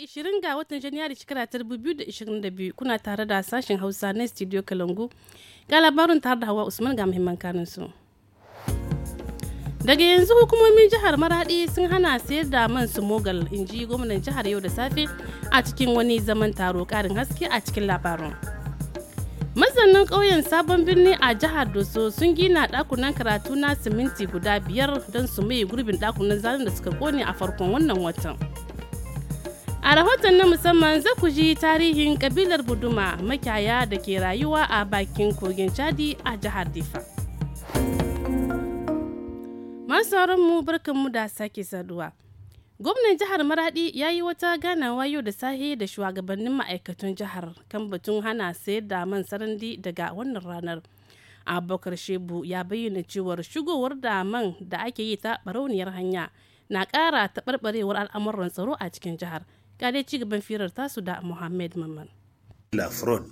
Lahadi 20 ga watan Janairu shekara ta 2022 kuna tare da sashen Hausa na Studio Kalangu. Ga labarin tare da Hawa Usman ga muhimman kanin su. Daga yanzu hukumomin jihar Maradi sun hana sayar da man su mogal inji gwamnan jihar yau da safe a cikin wani zaman taro karin haske a cikin labarin. Mazanin ƙauyen sabon birni a jihar Doso sun gina ɗakunan karatu na siminti guda biyar don su mai gurbin ɗakunan zanen da suka kone a farkon wannan watan. A rahoton na musamman za ku ji tarihin kabilar Buduma makiyaya da ke rayuwa a bakin kogin Chadi a jihar Difa. Masu mu barkanmu da sake saduwa. Gwamnan jihar Maradi ya yi wata ganawa yau da sahi da shugabannin ma'aikatan jihar kan batun hana sayar da man sarandi daga wannan ranar. Abubakar Shebu ya bayyana cewar shigowar da man da ake yi ta barauniyar hanya na ƙara taɓarɓarewar al'amuran tsaro a cikin jihar. ga dai cigaban firar tasu da Muhammad Mamman.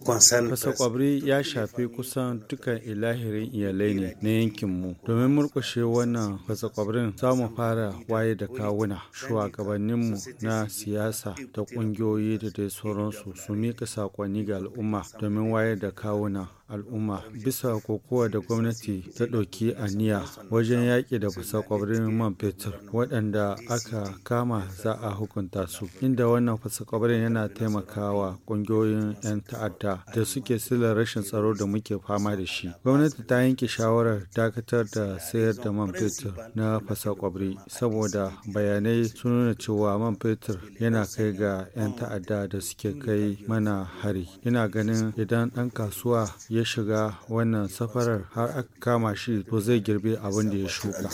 Fasa kwabri ya shafi kusan duka ilahirin iyalai ne na yankinmu. Domin murkushe wannan fasa kwabrin za mu fara waye da kawuna, shugabanninmu na siyasa da ƙungiyoyi da dai sauransu su mika saƙonni ga al'umma domin waye da kawuna al'umma bisa kokowa da gwamnati ta ɗauki aniya wajen yaƙi da kwabarin man fetur waɗanda aka kama za a hukunta su inda wannan fasakwabrin yana taimakawa ƙungiyoyin 'yan ta'adda da suke silar rashin tsaro da muke fama da shi gwamnati ta yanke shawarar dakatar da sayar da man fetur na kwabri saboda bayanai sun nuna cewa man fetur yana kai ga 'yan ta'adda da suke kai mana hari ina ganin idan ɗan kasuwa ya ya shiga wannan safarar har aka kama shi to zai girbe abin da ya shuka.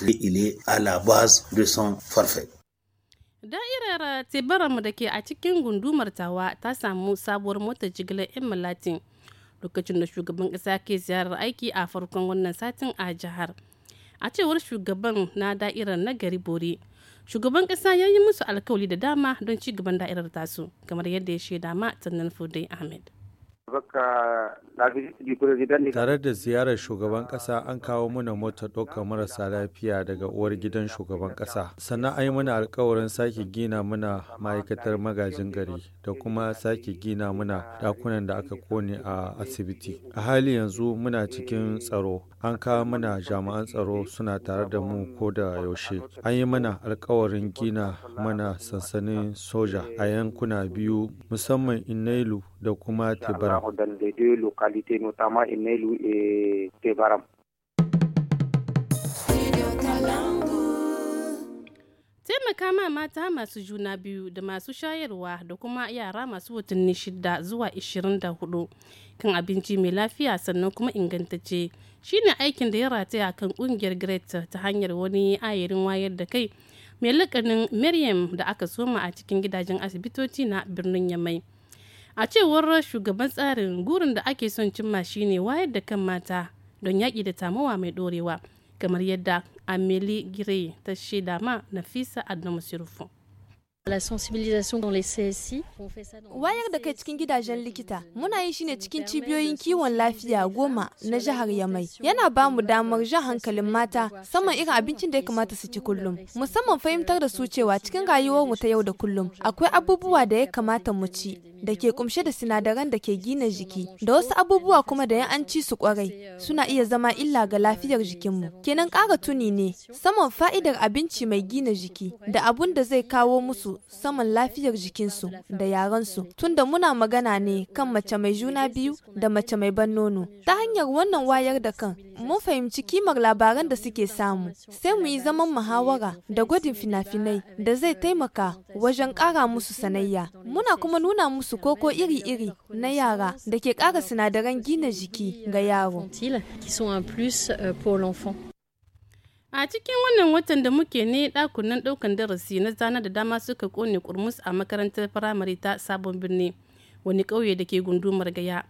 Da'irar tebaranmu da ke a cikin gundumar tawa ta samu sabuwar mota jigilar 'yan malatin lokacin da shugaban ƙasa ke ziyarar aiki a farkon wannan satin a jihar. A cewar shugaban na da'irar nagari bore, shugaban ƙasa ya yi musu alkawali da dama don ci gaban da'irar tasu kamar yadda ya shaida ma tannan Fudai Ahmed. Tare da ziyarar shugaban kasa an kawo muna mota ɗaukar marasa lafiya daga uwar gidan shugaban kasa. Sannan an yi alkawarin sake gina muna ma'aikatar magajin gari da kuma sake gina muna dakunan da aka kone a asibiti. A hali yanzu muna cikin tsaro an kawo mana jami'an tsaro suna tare da mu ko da yaushe an yi mana alkawarin gina mana sansanin soja a yankuna biyu musamman inailu da kuma tebaram taimaka ma mata masu juna biyu da masu shayarwa da kuma yara masu watanni shida zuwa 24 kan abinci mai lafiya sannan kuma ingantacce shine aikin da ya rataya kan kungiyar greta ta hanyar wani ayarin wayar da kai mai lakanin miriam da aka soma a cikin gidajen asibitoci na birnin yamai a cewar shugaban tsarin gurin da ake son cimma shine wayar da kan mata don yaƙi da tamowa mai ɗorewa kamar yadda amelie gire ta shaida ma nafisa adamu sirfo Wayar da kai cikin gidajen likita muna yin shi ne cikin cibiyoyin kiwon lafiya goma na jihar Yamai. Yana ba mu damar jan hankalin mata saman irin abincin da ya kamata su ci kullum. Musamman fahimtar da su cewa cikin rayuwar mu ta yau da kullum akwai abubuwa da ya kamata mu ci da ke kumshe da sinadaran da ke gina jiki da wasu abubuwa kuma da ya an ci su kwarai euh, suna iya zama illa ga lafiyar jikinmu. Kenan ƙara tuni ne saman fa'idar abinci mai gina jiki da abun da zai kawo musu saman lafiyar jikinsu da yarensu tunda muna magana ne kan mace mai juna biyu da mace mai ban nono ta hanyar wannan wayar da kan mun fahimci kimar labaran da suke samu sai mu yi zaman muhawara da gwajin fina-finai da zai taimaka wajen ƙara musu sanayya muna kuma nuna musu koko iri-iri na yara da ke ƙara sinadaran gina jiki ga yaro a cikin wannan watan da muke ne ɗakunan ɗaukan darasi na zana da dama suka kone kurmus a makarantar firamare ta sabon birni wani ƙauye da ke gundumar gaya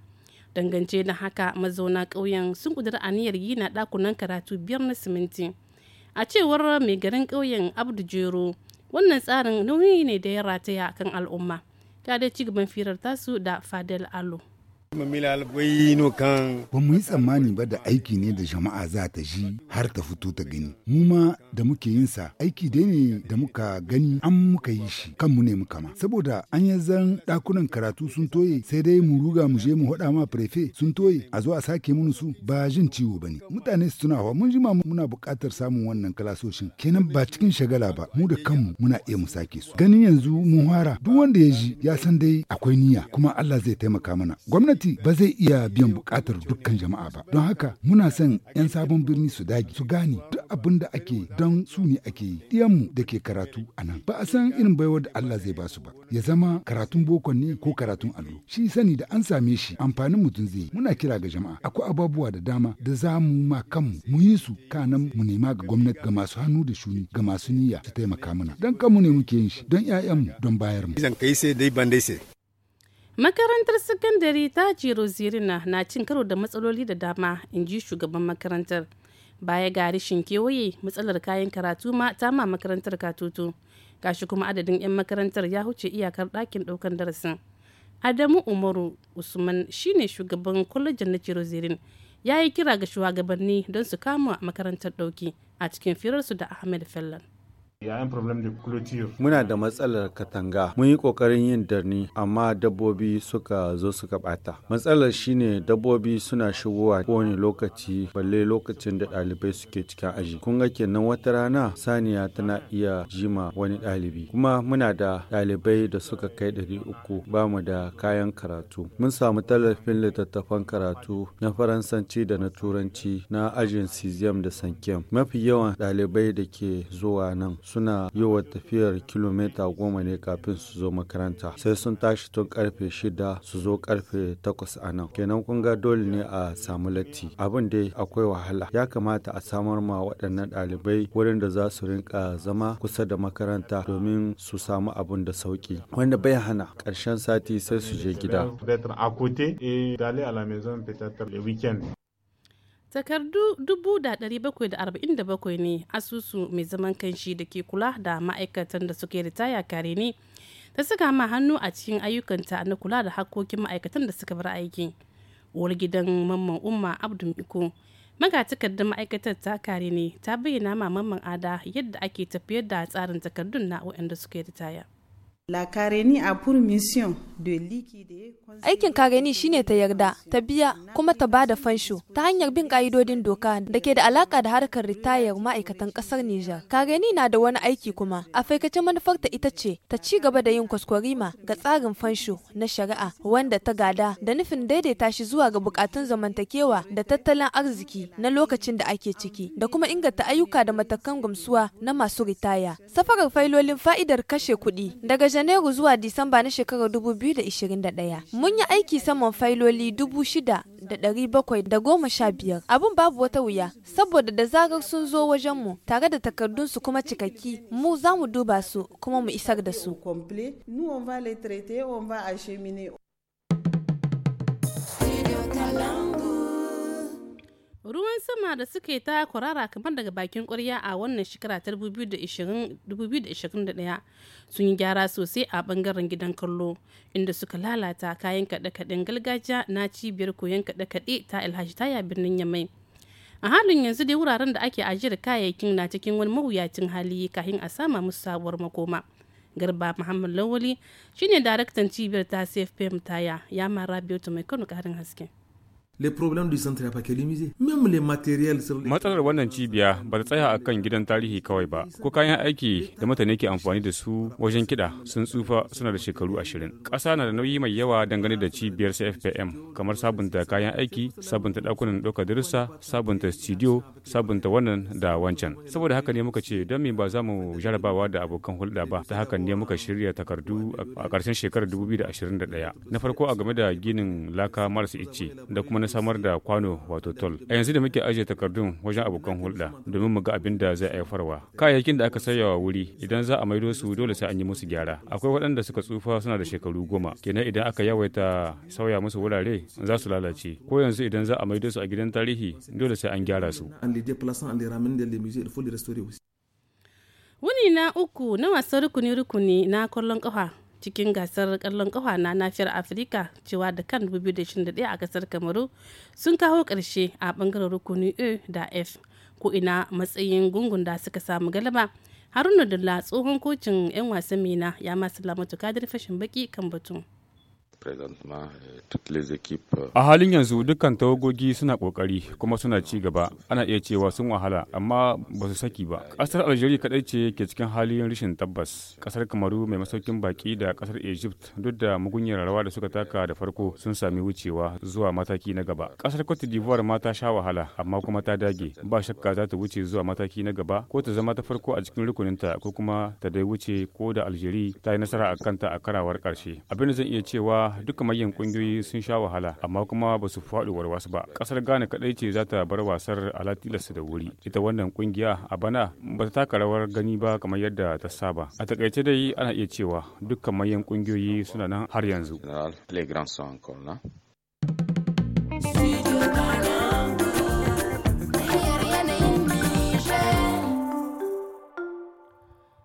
dangance da haka mazauna ƙauyen sun ƙudura aniyar gina ɗakunan karatu biyar na siminti a cewar mai garin ƙauyen abdu jero wannan tsarin nauyi ne da ya rataya kan al'umma ta dai ci gaban firar tasu da fadel alo Ba mu yi tsammani ba da aiki ne da jama'a za ta ji har ta fito ta gani. Mu ma da muke yin sa aiki dai ne da muka gani an muka yi shi kanmu ne muka ma. Saboda an yi zan ɗakunan karatu sun toye sai dai mu ruga mu je mu haɗa ma prefe sun toye a zo a sake mun su ba jin ciwo ba ne. Mutane su tunawa mun ma muna buƙatar samun wannan kalasoshin kenan ba cikin shagala ba mu da kanmu muna iya mu sake su. Ganin yanzu mu hara duk wanda ya ji ya san dai akwai niyya kuma Allah zai taimaka mana. Gwamnati gwamnati ba zai iya biyan bukatar dukkan jama'a ba don haka muna son 'yan sabon birni su dage su gane duk abin da ake don su ne ake yi mu. da ke karatu a nan ba a san irin baiwar da Allah zai basu ba ya zama karatun boko ne ko karatun allo shi sani da an same shi amfanin mutum zai muna kira ga jama'a akwai ababuwa da dama da za mu ma kanmu mu yi su kanan mu nema ga gwamnati ga masu hannu da shuni ga masu niyya su taimaka mana don kanmu ne muke yin shi don 'ya'yanmu don bayarmu. Zan kai sai dai makarantar sakandare ta jero zirina na cin karo da matsaloli da dama in ji shugaban makarantar baya ga rashin kewaye matsalar kayan karatu ma ta ma makarantar katutu gashi kuma adadin 'yan makarantar ya huce iyakar ɗakin ɗaukar darasin adamu umaru usman shine shugaban kwalejin na jero zirin ya yi kira ga shugabanni don su kama makarantar ɗauki a cikin firarsu da ahmed fellan Muna da matsalar katanga. Mun yi ƙoƙarin yin darni, amma dabbobi suka zo suka ɓata. Matsalar shine dabbobi suna shigowa kowane lokaci, balle lokacin da ɗalibai suke cikin aji. Kun ga kenan wata rana saniya tana iya jima wani ɗalibi. Kuma muna da ɗalibai da suka kai ɗari uku, ba mu da kayan karatu. Mun samu tallafin littattafan karatu na Faransanci da na Turanci na ajin Sizium da Sankem. Mafi yawan ɗalibai da ke zuwa nan suna yi wa tafiyar kilomita goma ne kafin su zo makaranta sai sun tashi tun karfe shida su zo karfe takwas a nan kenan kun ga dole ne a samu latti abin dai akwai wahala ya kamata a samar ma waɗannan ɗalibai wurin da za su rinka zama kusa da makaranta domin su samu abin da sauki wanda bai hana ƙarshen sati sai su je gida takardu 747 ne asusu mai zaman kanshi da ke kula da ma'aikatan da suke ritaya kare ne ta saka ma hannu a cikin ayyukanta na kula da hakkokin ma'aikatan da suka bar aiki uwar gidan mamman umma abdu miko magatakardar ma'aikatar ta kare ne ta bayyana ma mamman ada yadda ake tafiyar da tsarin takardun na waɗanda suke ritaya Aikin kareni shine ta yarda, ta biya kuma ta ba da fansho ta hanyar bin ƙa'idodin doka da ke da alaƙa da harkar ritayar ma'aikatan ƙasar Nijar. Kareni na da wani aiki kuma, a faikace manufarta ita ce ta ci gaba da yin kwaskwarima ga tsarin fansho na shari'a wanda ta gada da nufin daidaita shi zuwa ga buƙatun zamantakewa da tattalin arziki na lokacin da ake ciki da kuma inganta ayyuka da matakan gamsuwa na masu ritaya. Safarar failolin fa'idar kashe kuɗi daga Janairu zuwa Disamba na shekarar 2021 mun yi aiki saman failoli 6,715. Abin babu wata wuya, saboda da zarar sun zo wajenmu tare da takardunsu kuma cikakki, mu za mu duba su kuma mu isar da su. Nous on va les traiter, ruwan sama da suke ta kwarara kamar daga bakin kwarya a wannan shekara ta 2021 sun yi gyara sosai a bangaren gidan kallo inda suka lalata kayan kaɗe-kaɗen gargajiya na cibiyar koyon kaɗe-kaɗe ta alhaji taya birnin yamai a halin yanzu dai wuraren da ake ajiyar kayayyakin na cikin wani mawuyacin hali kafin a sama musu sabuwar makoma garba muhammad lawali shine daraktan cibiyar ta safe taya ya mara biyu mai kano karin haske le Matsalar wannan cibiya ba ta tsaya a kan gidan tarihi kawai ba, ko kayan aiki da mutane ke amfani da su wajen kiɗa sun tsufa suna da shekaru ashirin. Ƙasa na da nauyi mai yawa dangane da cibiyar CFPM, kamar sabunta kayan aiki, sabunta ɗakunan ɗaukar darussa, sabunta studio, sabunta wannan da wancan. Saboda haka ne muka ce don me ba za mu jarabawa da abokan hulɗa ba, ta haka ne muka shirya takardu a ƙarshen shekarar 2021. Na farko a game da ginin laka marasa icce da kuma na samar da kwano wato tol a yanzu da muke ajiye takardun wajen abokan hulɗa domin mu ga abin da zai aifarwa kayayyakin da aka sayawa wuri idan za a maido su dole sai an yi musu gyara akwai waɗanda suka tsufa suna da shekaru goma kenan idan aka yawaita sauya musu wurare za su lalace ko yanzu idan za a maido su a gidan tarihi dole sai an gyara su wuni na uku na wasan rukuni rukuni na kwallon kafa cikin gasar kallon kafa na nafiyar afirka cewa da kan 2021 a kasar kamaru sun kawo karshe a bangaren rukuni a da f ko ina matsayin gungun da suka samu galaba haruna da tsohon kocin 'yan wasan mina ya masu lamatu kadir fashin baki kan batun Euh, euh, a halin yanzu dukkan tawagogi suna ƙoƙari kuma suna ci gaba ana iya cewa sun wahala amma ba su saki ba. Kasar Algeria kadai ce ke cikin halin rashin tabbas. Kasar Kamaru mai masaukin baƙi da kasar Egypt duk da mugunyar rawa da suka taka da farko sun sami wucewa zuwa mataki na gaba. Kasar Cote d'Ivoire ma ta sha wahala amma kuma ta dage ba shakka za ta wuce zuwa mataki na gaba ko ta zama ta farko a cikin rukuninta ko kuma ta dai wuce ko da Algeria ta yi nasara a kanta a karawar ƙarshe Abin da zan iya cewa duka manyan kungiyoyi sun sha wahala amma kuma ba su faɗi warwasu ba. Kasar Ghana kadai ce za ta bar wasar alatilas da wuri. Ita wannan kungiya a bana ba ta taka rawar gani ba kamar yadda ta saba. A takaice dai ana iya cewa dukka manyan kungiyoyi suna nan har yanzu.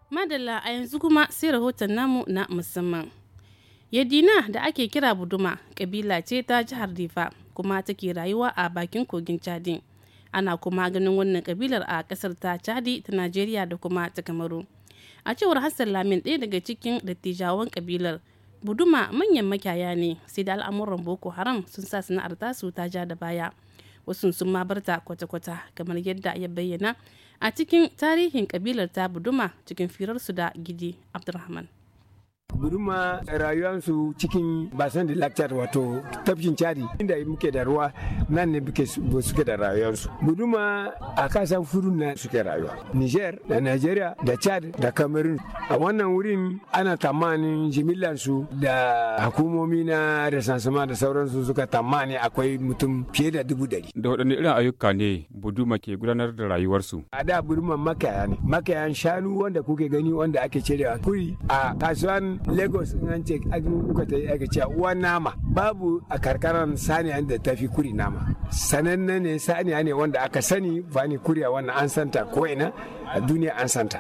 Madalla a yanzu kuma sai rahoton namu na musamman. yadina da ake kira buduma kabila ce ta jihar rifa kuma take rayuwa a bakin kogin chadi ana kuma ganin wannan kabilar a kasar ta chadi ta najeriya da kuma ta kamaru a cewar hassan lamin ɗaya daga cikin dattijawan kabilar buduma manyan makyaya ne sai da al'amuran boko haram sun sa sana'ar tasu ta ja da baya wasu sun ma barta kwata-kwata kamar yadda ya bayyana a cikin tarihin kabilar ta buduma cikin firarsu da gidi abdulrahman guduma rayuwarsu cikin basan da lakcar wato tafkin cari inda muke da ruwa nan ne suke da rayuwarsu guduma a kasan furu na suke rayuwa niger da nigeria da chad da cameroon a wannan wurin ana tamanin jimillansu da hukumomi na da da sauransu suka tamani akwai mutum fiye da dubu dari da waɗanne irin ayyuka ne buduma ke gudanar da rayuwarsu a da buduma makaya makayan shanu wanda kuke gani wanda ake cirewa kuri a kasuwan lagos an ce uka ta aka ce uwa nama babu a karkaran saniya da ta fi kuri nama sananne ne saniya ne wanda aka sani bani ni kuriya wannan an santa ko ina a duniya an santa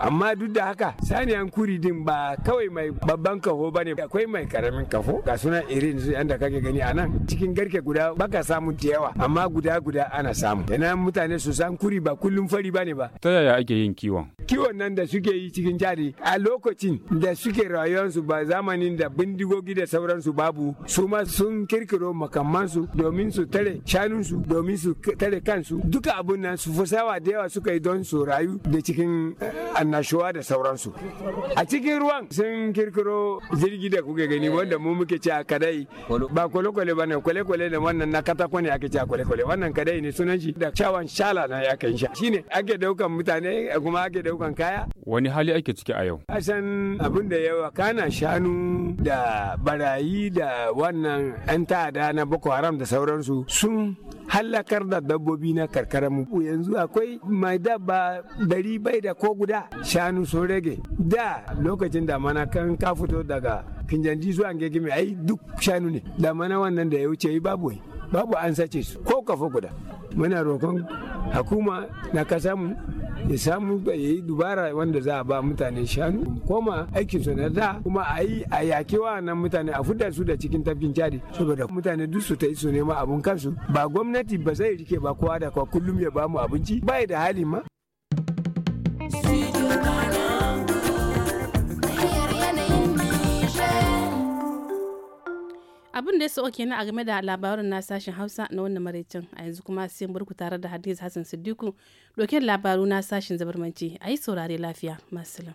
amma duk da haka saniyan kuri din ba kawai mai babban kaho ba ne akwai mai karamin kafo ga suna irin su yanda kake gani a nan cikin garke guda baka samun ta yawa amma guda guda ana samu yana mutane su san kuri ba kullum fari ba ne ba ta yaya ake yin kiwon kiwon nan da suke yi cikin jari a lokacin da suke rayuwarsu ba zamanin da bindigogi da sauransu babu su ma sun kirkiro makamansu domin su tare shanunsu domin su tare kansu duka abun nan su fusawa da yawa suka yi don su rayu da cikin an eh, annashuwa da sauransu a cikin ruwan sun kirkiro jirgi da kuke gani wanda mu muke ci a kadai ba kwale-kwale ba ne kwale-kwale da wannan na katako ne ake ci a kwale-kwale wannan kadai ne sunan shi da cawan shala na ya kan sha shine ake daukan mutane kuma ake daukan kaya wani hali ake ciki a yau san abin da yawa kana shanu da barayi da wannan 'yan ta'ada na boko haram da sauransu sun hallakar da dabbobi na karkarar mu yanzu akwai mai dabba dari bai da ko guda shanu sun rage da lokacin da mana kan ka fito daga kinjanji zuwa gegime ai duk shanu ne da mana wannan da ya wuce babu babu an sace su ko kafa guda muna roƙon hakuma na kasa mu ya samu ya yi dubara wanda za a ba mutane shanu koma aikin su na da kuma a yi a yaki nan mutane a fudda su da cikin tafkin cadi saboda mutane duk su ta yi su nema abin kansu ba gwamnati ba zai rike ba kowa da kwa kullum ya bamu abinci bai da hali ma abin da ya sauke kenan a game da labarin na sashen hausa na wannan maraicin a yanzu kuma sai burku tare da hadiza hassan siddiku dokin labaru na sashen zabarmanci a yi saurare lafiya masu salam